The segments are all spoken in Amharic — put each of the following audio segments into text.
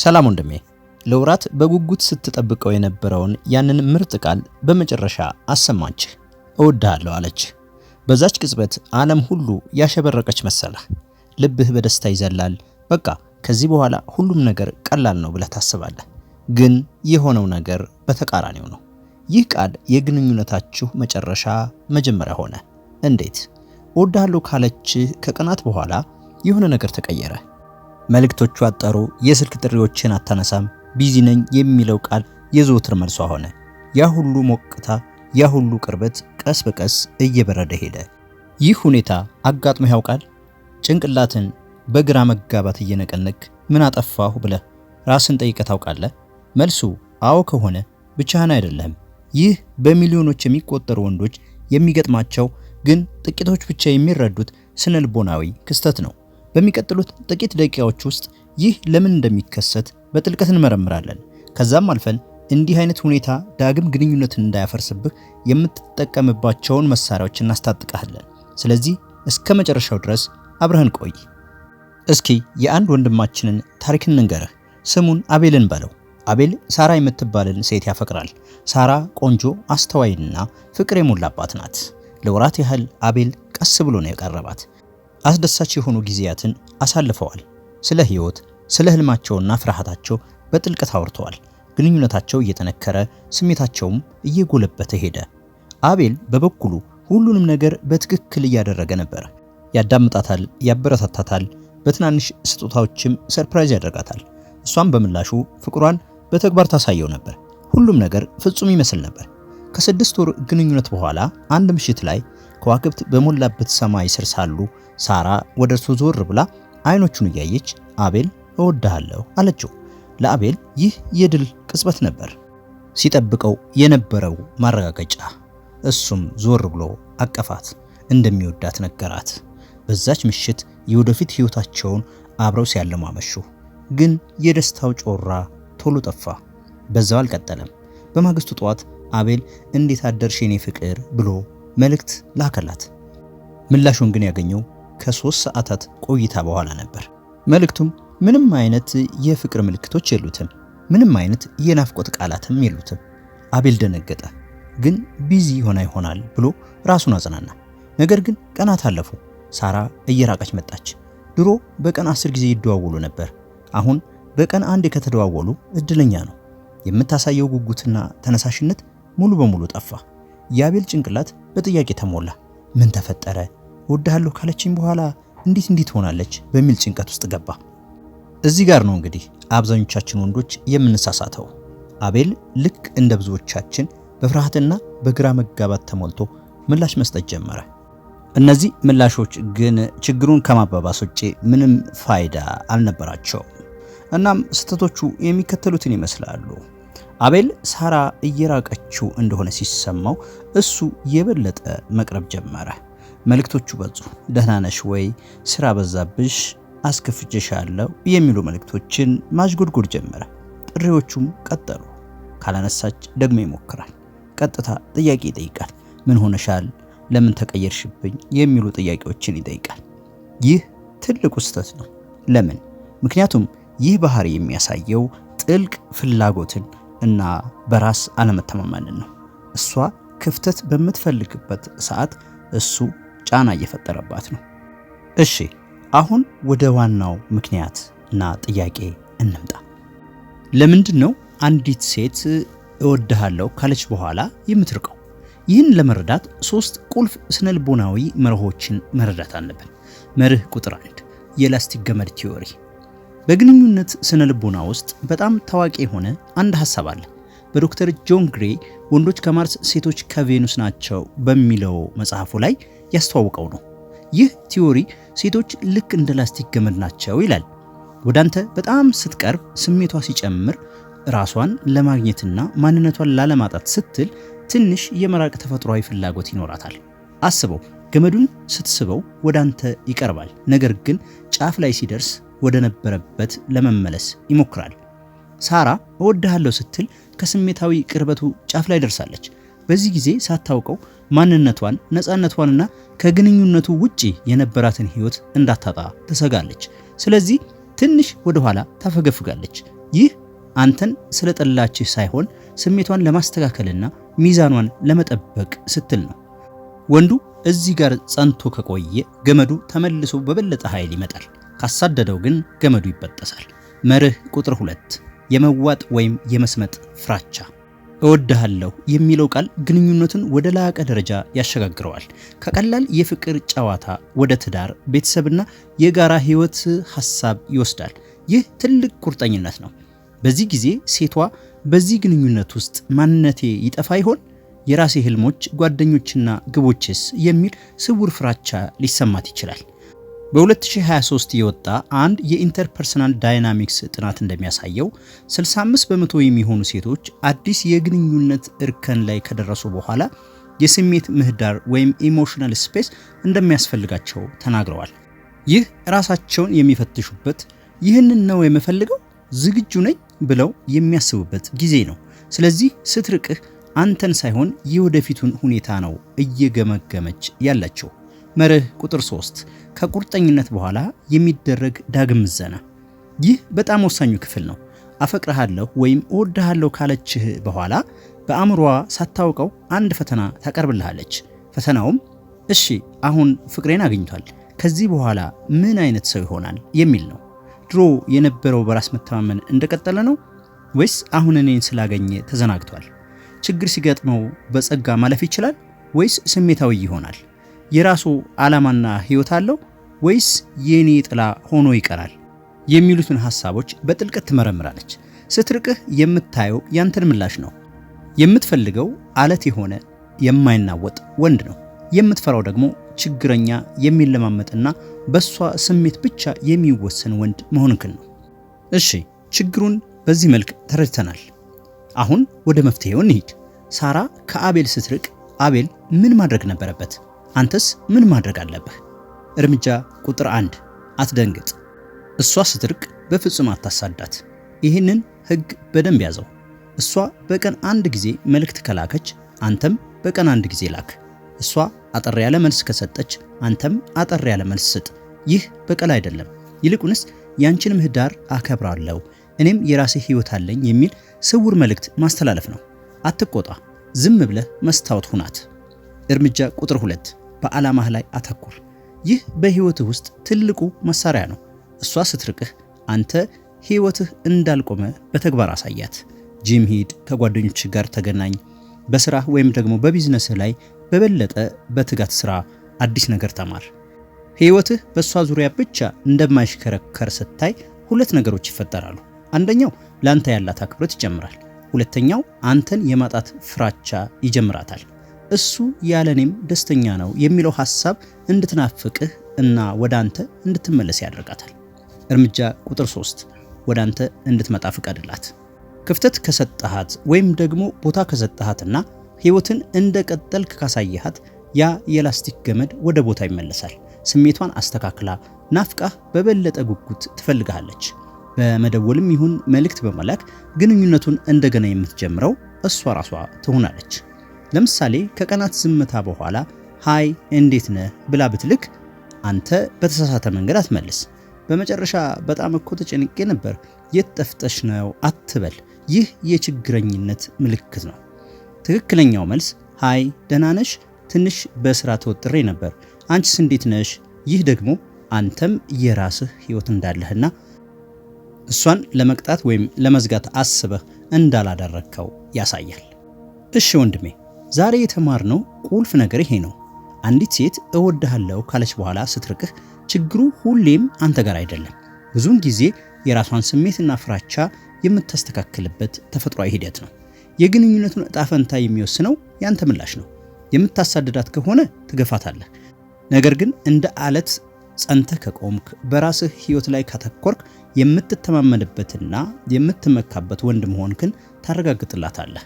ሰላም ወንድሜ፣ ለውራት በጉጉት ስትጠብቀው የነበረውን ያንን ምርጥ ቃል በመጨረሻ አሰማችህ። እወድሃለሁ አለች። በዛች ቅጽበት ዓለም ሁሉ ያሸበረቀች መሰለህ። ልብህ በደስታ ይዘላል። በቃ ከዚህ በኋላ ሁሉም ነገር ቀላል ነው ብለህ ታስባለህ። ግን የሆነው ነገር በተቃራኒው ነው። ይህ ቃል የግንኙነታችሁ መጨረሻ መጀመሪያ ሆነ። እንዴት? እወድሃለሁ ካለችህ ከቀናት በኋላ የሆነ ነገር ተቀየረ። መልእክቶቹ አጠሩ። የስልክ ጥሪዎችን አታነሳም፣ ቢዚ ነኝ የሚለው ቃል የዘወትር መልሷ ሆነ። ያ ሁሉ ሞቅታ፣ ያ ሁሉ ቅርበት ቀስ በቀስ እየበረደ ሄደ። ይህ ሁኔታ አጋጥሞ ያውቃል? ጭንቅላትን በግራ መጋባት እየነቀነክ ምን አጠፋሁ ብለህ ራስን ጠይቀህ ታውቃለህ? መልሱ አዎ ከሆነ ብቻህን አይደለም። ይህ በሚሊዮኖች የሚቆጠሩ ወንዶች የሚገጥማቸው ግን ጥቂቶች ብቻ የሚረዱት ስነልቦናዊ ክስተት ነው። በሚቀጥሉት ጥቂት ደቂቃዎች ውስጥ ይህ ለምን እንደሚከሰት በጥልቀት እንመረምራለን። ከዛም አልፈን እንዲህ አይነት ሁኔታ ዳግም ግንኙነትን እንዳያፈርስብህ የምትጠቀምባቸውን መሳሪያዎች እናስታጥቃለን። ስለዚህ እስከ መጨረሻው ድረስ አብረህን ቆይ። እስኪ የአንድ ወንድማችንን ታሪክ እንንገርህ። ስሙን አቤልን በለው። አቤል ሳራ የምትባልን ሴት ያፈቅራል። ሳራ ቆንጆ፣ አስተዋይና ፍቅር የሞላባት ናት። ለወራት ያህል አቤል ቀስ ብሎ ነው የቀረባት። አስደሳች የሆኑ ጊዜያትን አሳልፈዋል። ስለ ህይወት፣ ስለ ህልማቸውና ፍርሃታቸው በጥልቀት አውርተዋል። ግንኙነታቸው እየጠነከረ ስሜታቸውም እየጎለበተ ሄደ። አቤል በበኩሉ ሁሉንም ነገር በትክክል እያደረገ ነበር። ያዳምጣታል፣ ያበረታታታል፣ በትናንሽ ስጦታዎችም ሰርፕራይዝ ያደርጋታል። እሷም በምላሹ ፍቅሯን በተግባር ታሳየው ነበር። ሁሉም ነገር ፍጹም ይመስል ነበር። ከስድስት ወር ግንኙነት በኋላ አንድ ምሽት ላይ ከዋክብት በሞላበት ሰማይ ስር ሳሉ ሳራ ወደ እርሱ ዞር ብላ አይኖቹን እያየች አቤል እወድሃለሁ አለችው። ለአቤል ይህ የድል ቅጽበት ነበር፣ ሲጠብቀው የነበረው ማረጋገጫ። እሱም ዞር ብሎ አቀፋት፣ እንደሚወዳት ነገራት። በዛች ምሽት የወደፊት ህይወታቸውን አብረው አመሹ። ግን የደስታው ጮራ ቶሎ ጠፋ። በዛው አልቀጠለም። በማግስቱ ጠዋት አቤል እንዴት አደርሽ የኔ ፍቅር ብሎ መልእክት ላከላት። ምላሹን ግን ያገኘው ከሶስት ሰዓታት ቆይታ በኋላ ነበር። መልእክቱም ምንም አይነት የፍቅር ምልክቶች የሉትም፣ ምንም አይነት የናፍቆት ቃላትም የሉትም። አቤል ደነገጠ፣ ግን ቢዚ ይሆና ይሆናል ብሎ ራሱን አጽናና። ነገር ግን ቀናት አለፉ። ሳራ እየራቀች መጣች። ድሮ በቀን አስር ጊዜ ይደዋወሉ ነበር። አሁን በቀን አንድ ከተደዋወሉ እድለኛ ነው። የምታሳየው ጉጉትና ተነሳሽነት ሙሉ በሙሉ ጠፋ። የአቤል ጭንቅላት በጥያቄ ተሞላ። ምን ተፈጠረ? እወድሃለሁ ካለችኝ በኋላ እንዴት እንዲህ ትሆናለች በሚል ጭንቀት ውስጥ ገባ። እዚህ ጋር ነው እንግዲህ አብዛኞቻችን ወንዶች የምንሳሳተው። አቤል ልክ እንደ ብዙዎቻችን በፍርሃትና በግራ መጋባት ተሞልቶ ምላሽ መስጠት ጀመረ። እነዚህ ምላሾች ግን ችግሩን ከማባባስ ውጪ ምንም ፋይዳ አልነበራቸውም። እናም ስህተቶቹ የሚከተሉትን ይመስላሉ። አቤል ሳራ እየራቀችው እንደሆነ ሲሰማው እሱ የበለጠ መቅረብ ጀመረ። መልእክቶቹ በዙ። ደህና ነሽ ወይ? ስራ በዛብሽ፣ አስከፍቼሻለሁ የሚሉ መልእክቶችን ማዥጎድጎድ ጀመረ። ጥሪዎቹም ቀጠሉ። ካላነሳች ደግሞ ይሞክራል። ቀጥታ ጥያቄ ይጠይቃል። ምን ሆነሻል? ለምን ተቀየርሽብኝ? የሚሉ ጥያቄዎችን ይጠይቃል። ይህ ትልቁ ስህተት ነው። ለምን? ምክንያቱም ይህ ባህሪ የሚያሳየው ጥልቅ ፍላጎትን እና በራስ አለመተማመንን ነው። እሷ ክፍተት በምትፈልግበት ሰዓት እሱ ጫና እየፈጠረባት ነው። እሺ አሁን ወደ ዋናው ምክንያት እና ጥያቄ እንምጣ። ለምንድን ነው አንዲት ሴት እወድሃለሁ ካለች በኋላ የምትርቀው? ይህን ለመረዳት ሶስት ቁልፍ ስነልቦናዊ መርሆችን መረዳት አለብን። መርህ ቁጥር አንድ የላስቲክ ገመድ ቲዮሪ። በግንኙነት ስነልቦና ውስጥ በጣም ታዋቂ የሆነ አንድ ሀሳብ አለ። በዶክተር ጆን ግሬ ወንዶች ከማርስ ሴቶች ከቬኑስ ናቸው በሚለው መጽሐፉ ላይ ያስተዋውቀው ነው። ይህ ቲዎሪ ሴቶች ልክ እንደ ላስቲክ ገመድ ናቸው ይላል። ወደ አንተ በጣም ስትቀርብ ስሜቷ ሲጨምር ራሷን ለማግኘትና ማንነቷን ላለማጣት ስትል ትንሽ የመራቅ ተፈጥሯዊ ፍላጎት ይኖራታል። አስበው፣ ገመዱን ስትስበው ወደ አንተ ይቀርባል፣ ነገር ግን ጫፍ ላይ ሲደርስ ወደ ነበረበት ለመመለስ ይሞክራል። ሳራ እወድሃለሁ ስትል ከስሜታዊ ቅርበቱ ጫፍ ላይ ደርሳለች። በዚህ ጊዜ ሳታውቀው ማንነቷን፣ ነፃነቷንና ከግንኙነቱ ውጪ የነበራትን ህይወት እንዳታጣ ትሰጋለች። ስለዚህ ትንሽ ወደኋላ ታፈገፍጋለች። ይህ አንተን ስለጠላችህ ሳይሆን ስሜቷን ለማስተካከልና ሚዛኗን ለመጠበቅ ስትል ነው። ወንዱ እዚህ ጋር ጸንቶ ከቆየ ገመዱ ተመልሶ በበለጠ ኃይል ይመጣል። ካሳደደው ግን ገመዱ ይበጠሳል። መርህ ቁጥር ሁለት የመዋጥ ወይም የመስመጥ ፍራቻ እወድሃለሁ የሚለው ቃል ግንኙነትን ወደ ላቀ ደረጃ ያሸጋግረዋል። ከቀላል የፍቅር ጨዋታ ወደ ትዳር፣ ቤተሰብና የጋራ ህይወት ሀሳብ ይወስዳል። ይህ ትልቅ ቁርጠኝነት ነው። በዚህ ጊዜ ሴቷ በዚህ ግንኙነት ውስጥ ማንነቴ ይጠፋ ይሆን? የራሴ ህልሞች፣ ጓደኞችና ግቦችስ የሚል ስውር ፍራቻ ሊሰማት ይችላል። በ2023 የወጣ አንድ የኢንተርፐርሰናል ዳይናሚክስ ጥናት እንደሚያሳየው 65 በመቶ የሚሆኑ ሴቶች አዲስ የግንኙነት እርከን ላይ ከደረሱ በኋላ የስሜት ምህዳር ወይም ኢሞሽናል ስፔስ እንደሚያስፈልጋቸው ተናግረዋል። ይህ ራሳቸውን የሚፈትሹበት ይህንን ነው የምፈልገው፣ ዝግጁ ነኝ ብለው የሚያስቡበት ጊዜ ነው። ስለዚህ ስትርቅህ አንተን ሳይሆን የወደፊቱን ሁኔታ ነው እየገመገመች ያላቸው። መርህ ቁጥር 3 ከቁርጠኝነት በኋላ የሚደረግ ዳግም ምዘና። ይህ በጣም ወሳኙ ክፍል ነው። አፈቅርሃለሁ ወይም እወድሃለሁ ካለችህ በኋላ በአእምሯ ሳታውቀው አንድ ፈተና ታቀርብልሃለች። ፈተናውም እሺ አሁን ፍቅሬን አግኝቷል፣ ከዚህ በኋላ ምን አይነት ሰው ይሆናል የሚል ነው። ድሮ የነበረው በራስ መተማመን እንደቀጠለ ነው ወይስ አሁን እኔን ስላገኘ ተዘናግቷል? ችግር ሲገጥመው በጸጋ ማለፍ ይችላል ወይስ ስሜታዊ ይሆናል? የራሱ ዓላማና ሕይወት አለው ወይስ የኔ ጥላ ሆኖ ይቀራል የሚሉትን ሐሳቦች በጥልቀት ትመረምራለች። ስትርቅህ የምታየው ያንተን ምላሽ ነው። የምትፈልገው አለት የሆነ የማይናወጥ ወንድ ነው። የምትፈራው ደግሞ ችግረኛ፣ የሚለማመጥና በሷ ስሜት ብቻ የሚወሰን ወንድ መሆንክን ነው። እሺ፣ ችግሩን በዚህ መልክ ተረድተናል። አሁን ወደ መፍትሄው እንሂድ። ሳራ ከአቤል ስትርቅ አቤል ምን ማድረግ ነበረበት? አንተስ ምን ማድረግ አለብህ? እርምጃ ቁጥር አንድ አትደንግጥ። እሷ ስትርቅ በፍጹም አታሳዳት። ይህንን ህግ በደንብ ያዘው። እሷ በቀን አንድ ጊዜ መልእክት ከላከች አንተም በቀን አንድ ጊዜ ላክ። እሷ አጠር ያለ መልስ ከሰጠች አንተም አጠር ያለ መልስ ስጥ። ይህ በቀል አይደለም። ይልቁንስ ያንቺን ምህዳር አከብራለሁ፣ እኔም የራሴ ህይወት አለኝ የሚል ስውር መልእክት ማስተላለፍ ነው። አትቆጣ። ዝም ብለህ መስታወት ሁናት። እርምጃ ቁጥር ሁለት በዓላማህ ላይ አተኩር። ይህ በሕይወትህ ውስጥ ትልቁ መሳሪያ ነው። እሷ ስትርቅህ አንተ ሕይወትህ እንዳልቆመ በተግባር አሳያት። ጂም ሂድ፣ ከጓደኞች ጋር ተገናኝ። በስራህ ወይም ደግሞ በቢዝነስህ ላይ በበለጠ በትጋት ስራ፣ አዲስ ነገር ተማር። ሕይወትህ በእሷ ዙሪያ ብቻ እንደማይሽከረከር ስታይ ሁለት ነገሮች ይፈጠራሉ። አንደኛው ለአንተ ያላት አክብሮት ይጨምራል። ሁለተኛው አንተን የማጣት ፍራቻ ይጀምራታል። እሱ ያለኔም ደስተኛ ነው የሚለው ሐሳብ እንድትናፍቅህ እና ወደ አንተ እንድትመለስ ያደርጋታል። እርምጃ ቁጥር 3 ወደ አንተ እንድትመጣ ፍቀድላት። ክፍተት ከሰጠሃት ወይም ደግሞ ቦታ ከሰጠሃትና ህይወትን እንደ ቀጠልክ ካሳየሃት ያ የላስቲክ ገመድ ወደ ቦታ ይመለሳል። ስሜቷን አስተካክላ ናፍቃህ በበለጠ ጉጉት ትፈልግሃለች። በመደወልም ይሁን መልእክት በመላክ ግንኙነቱን እንደገና የምትጀምረው እሷ ራሷ ትሆናለች። ለምሳሌ ከቀናት ዝምታ በኋላ ሃይ እንዴት ነህ ብላ ብትልክ አንተ በተሳሳተ መንገድ አትመልስ። በመጨረሻ በጣም እኮ ተጨንቄ ነበር፣ የት ጠፍተሽ ነው አትበል። ይህ የችግረኝነት ምልክት ነው። ትክክለኛው መልስ ሃይ ደህና ነሽ፣ ትንሽ በስራ ተወጥሬ ነበር፣ አንቺስ እንዴት ነሽ? ይህ ደግሞ አንተም የራስህ ህይወት እንዳለህና እሷን ለመቅጣት ወይም ለመዝጋት አስበህ እንዳላደረግከው ያሳያል። እሺ ወንድሜ ዛሬ የተማርነው ቁልፍ ነገር ይሄ ነው። አንዲት ሴት እወድሃለሁ ካለች በኋላ ስትርቅህ ችግሩ ሁሌም አንተ ጋር አይደለም። ብዙውን ጊዜ የራሷን ስሜትና ፍራቻ የምታስተካክልበት ተፈጥሯዊ ሂደት ነው። የግንኙነቱን እጣ ፈንታ የሚወስነው ያንተ ምላሽ ነው። የምታሳድዳት ከሆነ ትገፋታለህ። ነገር ግን እንደ አለት ጸንተህ ከቆምክ፣ በራስህ ህይወት ላይ ካተኮርክ የምትተማመንበትና የምትመካበት ወንድ መሆንክን ታረጋግጥላታለህ።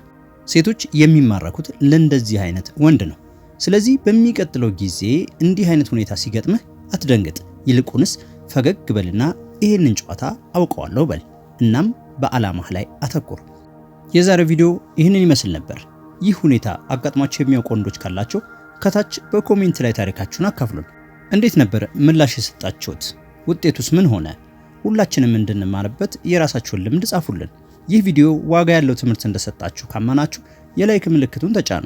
ሴቶች የሚማረኩት ለእንደዚህ አይነት ወንድ ነው። ስለዚህ በሚቀጥለው ጊዜ እንዲህ አይነት ሁኔታ ሲገጥምህ አትደንግጥ። ይልቁንስ ፈገግ በልና ይህንን ጨዋታ አውቀዋለሁ በል። እናም በዓላማህ ላይ አተኩር። የዛሬው ቪዲዮ ይህንን ይመስል ነበር። ይህ ሁኔታ አጋጥሟቸው የሚያውቁ ወንዶች ካላቸው ከታች በኮሜንት ላይ ታሪካችሁን አካፍሉን። እንዴት ነበር ምላሽ የሰጣችሁት? ውጤቱስ ምን ሆነ? ሁላችንም እንድንማርበት የራሳችሁን ልምድ ጻፉልን። ይህ ቪዲዮ ዋጋ ያለው ትምህርት እንደሰጣችሁ ካመናችሁ የላይክ ምልክቱን ተጫኑ።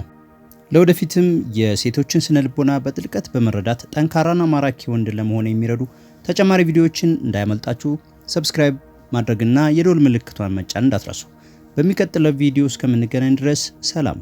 ለወደፊትም የሴቶችን ስነ ልቦና በጥልቀት በመረዳት ጠንካራና ማራኪ ወንድ ለመሆን የሚረዱ ተጨማሪ ቪዲዮዎችን እንዳያመልጣችሁ ሰብስክራይብ ማድረግና የዶል ምልክቷን መጫን እንዳትረሱ። በሚቀጥለው ቪዲዮ እስከምንገናኝ ድረስ ሰላም።